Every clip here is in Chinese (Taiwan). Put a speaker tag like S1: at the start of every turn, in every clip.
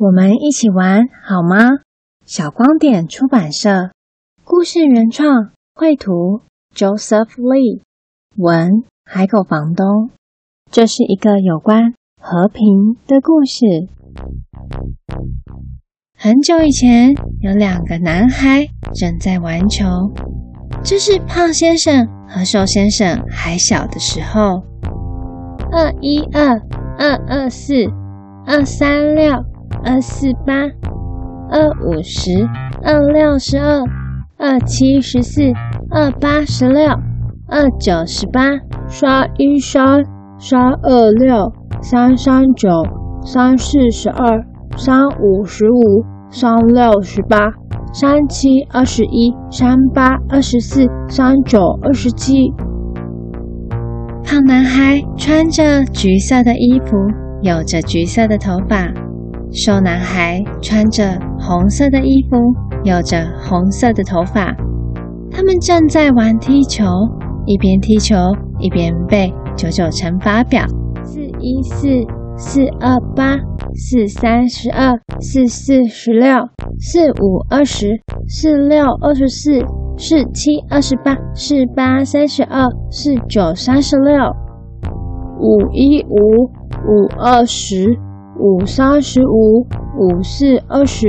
S1: 我們一起玩好嗎？小光點出版社，故事原創，繪圖 Josef Lee，文海狗房東。這是一個有關和平的故事。很久以前，有兩個男孩正在玩球，這是胖先生和瘦先生還小的時候。二一二，二二四，二三六。二四八，二五十，二六十二，二七十四，二八十六，二九十八。三一三，三二六，三三九，三四十二，三五十五，三六十八，三七二十一，三八二十四，三九二十七。胖男孩穿着橘色的衣服，有着橘色的頭髮。瘦男孩穿着紅色的衣服，有着紅色的頭髮。他們正在玩踢球，一邊踢球一邊背九九乘法表：四一四，四二八，四三十二，四四十六，四五二十，四六二十四，四七二十八，四八三十二，四九三十六，五一五，五二十。五三十五，五四二十，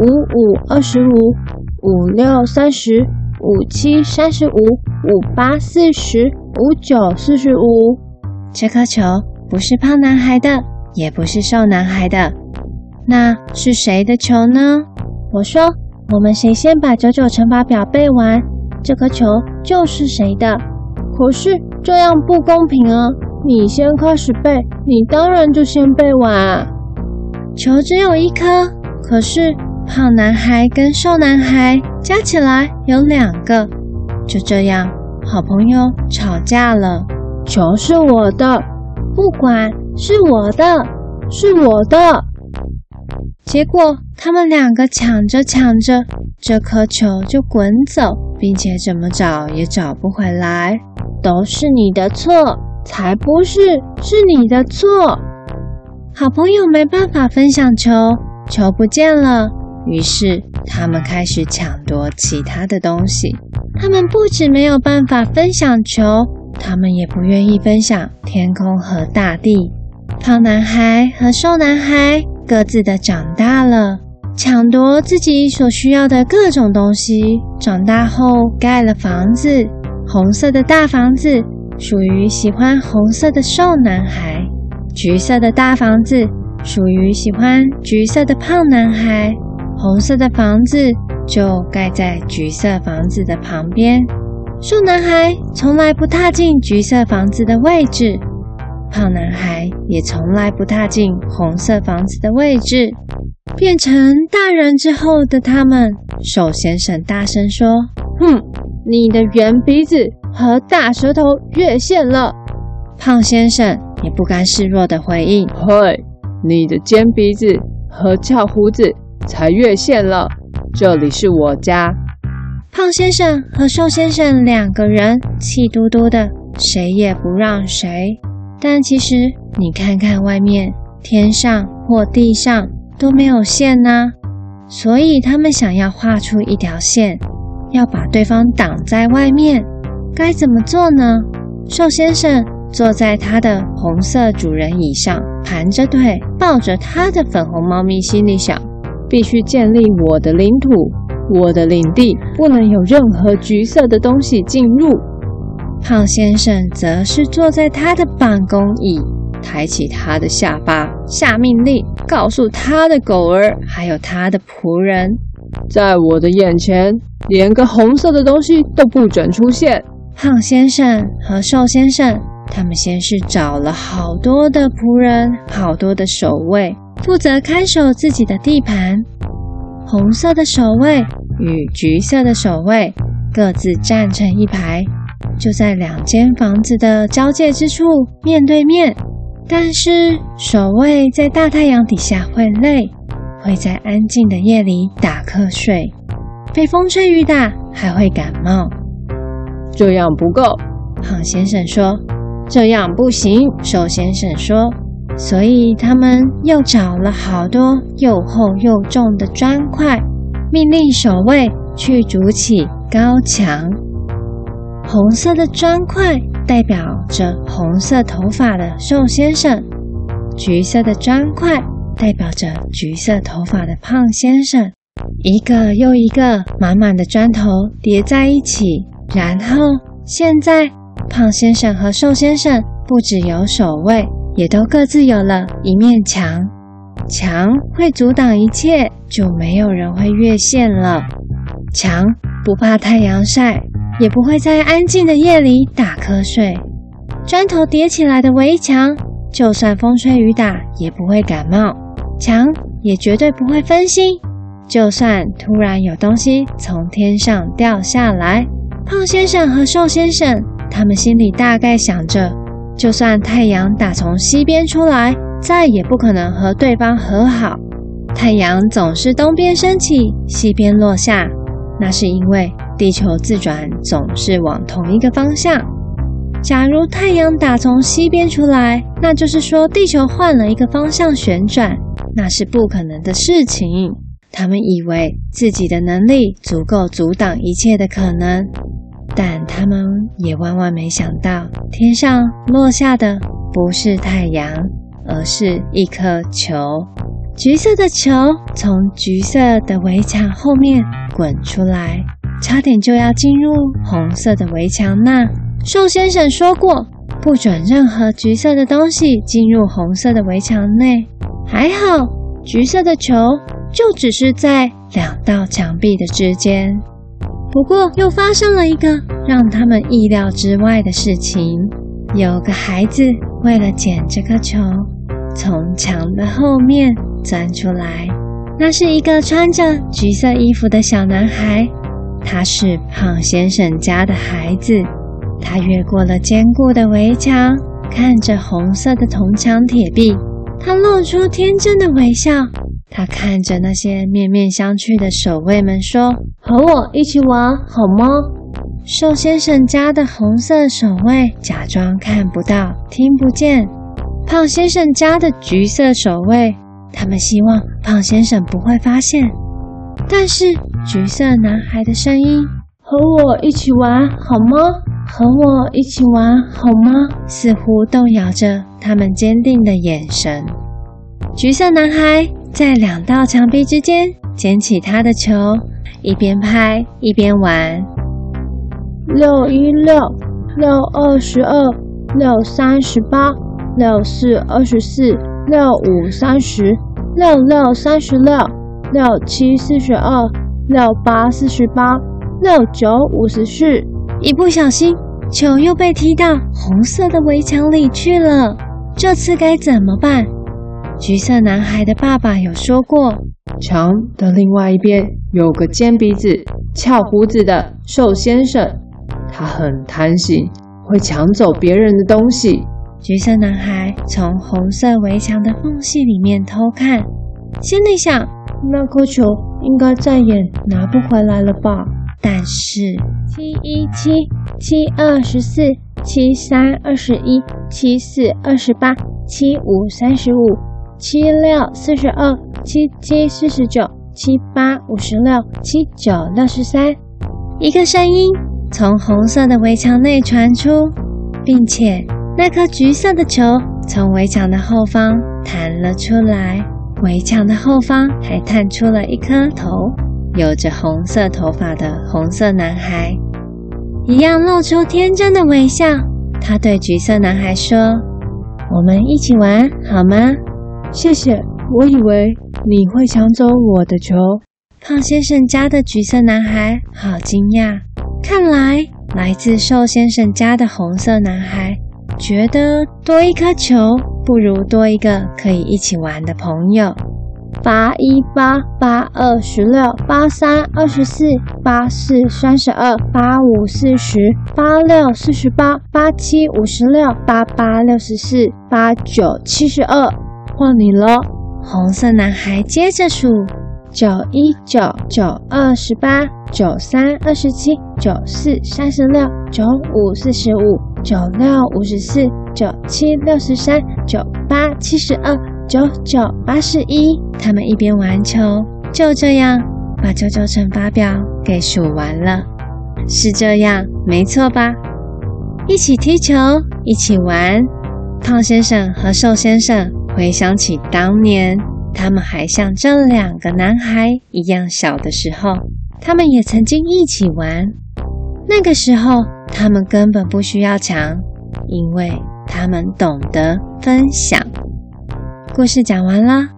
S1: 五五二十五，五六三十，五七三十五，五八四十，五九四十五。這顆球不是胖男孩的，也不是瘦男孩的，那是誰的球呢？我說，我們誰先把九九乘法表背完，這顆球就是誰的。可是這樣不公平哦。你先開始背，你當然就先背完。球只有一顆，可是胖男孩跟瘦男孩加起來有兩個。就這樣，好朋友吵架了。球是我的，不管是我的，是我的。結果他們兩個搶着搶着，這顆球就滾走，並且怎麼找也找不回來。都是你的錯。才不是，是你的錯。好朋友沒辦法分享球，球不見了，於是他們開始搶奪其他的東西。他們不止沒有辦法分享球，他們也不願意分享天空和大地。胖男孩和瘦男孩各自的長大了，搶奪自己所需要的各種東西。長大後，蓋了房子，紅色的大房子。屬於喜歡紅色的瘦男孩，橘色的大房子屬於喜歡橘色的胖男孩，紅色的房子就蓋在橘色房子的旁邊。瘦男孩從來不踏進橘色房子的位置，胖男孩也從來不踏進紅色房子的位置。變成大人之後的他們，瘦先生大聲說：“哼，你的圓鼻子。”和大舌頭越線了，胖先生也不甘示弱地回應：“嘿，hey, 你的尖鼻子和翹鬍子才越線了。這裡是我家。”胖先生和瘦先生兩個人氣嘟嘟的，誰也不讓誰。但其實你看看外面，天上或地上都沒有線呢。啊，所以他們想要畫出一條線，要把對方擋在外面。該怎麼做呢？瘦先生坐在他的紅色主人椅上，盤着腿，抱着他的粉紅貓咪，心裡想：“必須建立我的領土，我的領地不能有任何橘色的東西進入。”胖先生則是坐在他的辦公椅，抬起他的下巴，下命令，告訴他的狗兒還有他的僕人：“在我的眼前，連個紅色的東西都不准出現。”胖先生和瘦先生，他們先是找了好多的僕人，好多的守衛，負責看守自己的地盤。紅色的守衛與橘色的守衛各自站成一排，就在兩間房子的交界之處面對面。但是守衛在大太陽底下會累，會在安靜的夜裡打瞌睡，被風吹雨打還會感冒。這樣不夠，胖先生說。“這樣不行。”瘦先生說，所以他們又找了好多又厚又重的磚塊，命令守衛去築起高牆。紅色的磚塊代表着紅色頭髮的瘦先生，橘色的磚塊代表着橘色頭髮的胖先生。一個又一個滿滿的磚頭疊在一起。然後現在，胖先生和瘦先生不只有守衛，也都各自有了一面牆。牆會阻擋一切，就沒有人會越線了。牆不怕太陽曬，也不會在安靜的夜裡打瞌睡。磚頭疊起來的圍牆，就算風吹雨打也不會感冒。牆也絕對不會分心，就算突然有東西從天上掉下來。胖先生和瘦先生，他們心裡大概想着，就算太陽打從西邊出來，再也不可能和對方和好。太陽總是東邊升起，西邊落下，那是因為地球自轉總是往同一個方向。假如太陽打從西邊出來，那就是說地球換了一個方向旋轉，那是不可能的事情。他們以為自己的能力足夠阻擋一切的可能。但他們也萬萬沒想到，天上落下的不是太陽，而是一顆球。橘色的球從橘色的圍牆後面滾出來，差點就要進入紅色的圍牆那。瘦先生說過，不准任何橘色的東西進入紅色的圍牆內。還好，橘色的球就只是在兩道牆壁的之間。不過，又發生了一個讓他們意料之外的事情。有個孩子為了撿這顆球，從牆的後面鑽出來。那是一個穿着橘色衣服的小男孩，他是胖先生家的孩子。他越過了堅固的圍牆，看着紅色的銅牆鐵壁，他露出天真的微笑。他看着那些面面相覷的守衛們說：“和我一起玩好嗎？”瘦先生家的紅色守衛假裝看不到、聽不見。胖先生家的橘色守衛，他們希望胖先生不會發現。但是橘色男孩的聲音：“和我一起玩好嗎？和我一起玩好嗎？”似乎動搖着他們堅定的眼神。橘色男孩。在兩道牆壁之間撿起他的球，一邊拍一邊玩。六一六，六二十二，六三十八，六四二十四，六五三十，六六三十六，六七四十二，六八四十八，六九五十四。一不小心，球又被踢到紅色的圍牆裡去了。這次該怎麼辦？橘色男孩的爸爸有說過：“牆的另外一邊有個尖鼻子、翹鬍子的瘦先生，他很貪心，會搶走別人的東西。”橘色男孩從紅色圍牆的縫隙裡面偷看，心裡想：“那顆球應該再也拿不回來了吧？”但是，七一七七二十四七三二十一七四二十八七五三十五。七六四十二，七七四十九，七八五十六，七九六十三。一個聲音從紅色的圍牆內傳出，並且那顆橘色的球從圍牆的後方彈了出來。圍牆的後方還探出了一顆頭，有着紅色頭髮的紅色男孩，一樣露出天真的微笑。他對橘色男孩說：“我們一起玩好嗎？”謝謝，我以為你會搶走我的球。胖先生家的橘色男孩好驚訝，看來來自瘦先生家的紅色男孩覺得多一顆球不如多一個可以一起玩的朋友。八一八，八二十六，八三二十四，八四三十二，八五四十，八六四十八，八七五十六，八八六十四，八九七十二。換你咯，紅色男孩接着數：九一九，九二十八，九三二十七，九四三十六，九五四十五，九六五十四，九七六十三，九八七十二，九九八十一。他們一邊玩球，就這樣把九九乘法表給數完了。是這樣，沒錯吧？一起踢球，一起玩。胖先生和瘦先生。回想起當年，他們還像這兩個男孩一樣小的時候，他們也曾經一起玩。那個時候，他們根本不需要搶，因為他們懂得分享。故事講完了，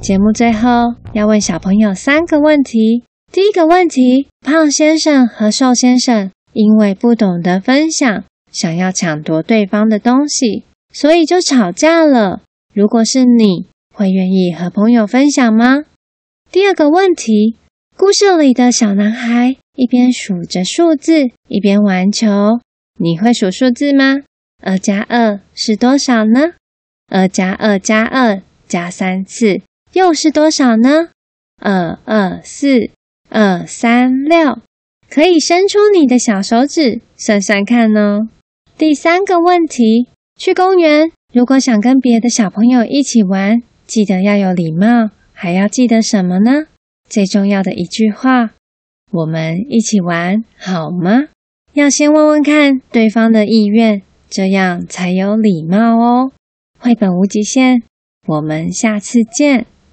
S1: 節目最後要問小朋友三個問題。第一個問題：胖先生和瘦先生因為不懂得分享，想要搶奪對方的東西，所以就吵架了。如果是你，會願意和朋友分享嗎？第二個問題，故事裡的小男孩一邊數着數字，一邊玩球。你會數數字嗎？二加二是多少呢？二加二加二加三次又是多少呢？二二四二三六，可以伸出你的小手指算算看呢哦。第三個問題，去公園，如果想跟別的小朋友一起玩，記得要有禮貌，還要記得什麼呢？最重要的一句話，我們一起玩好嗎？要先問問看對方的意願，這樣才有禮貌哦。繪本無極限，我們下次見。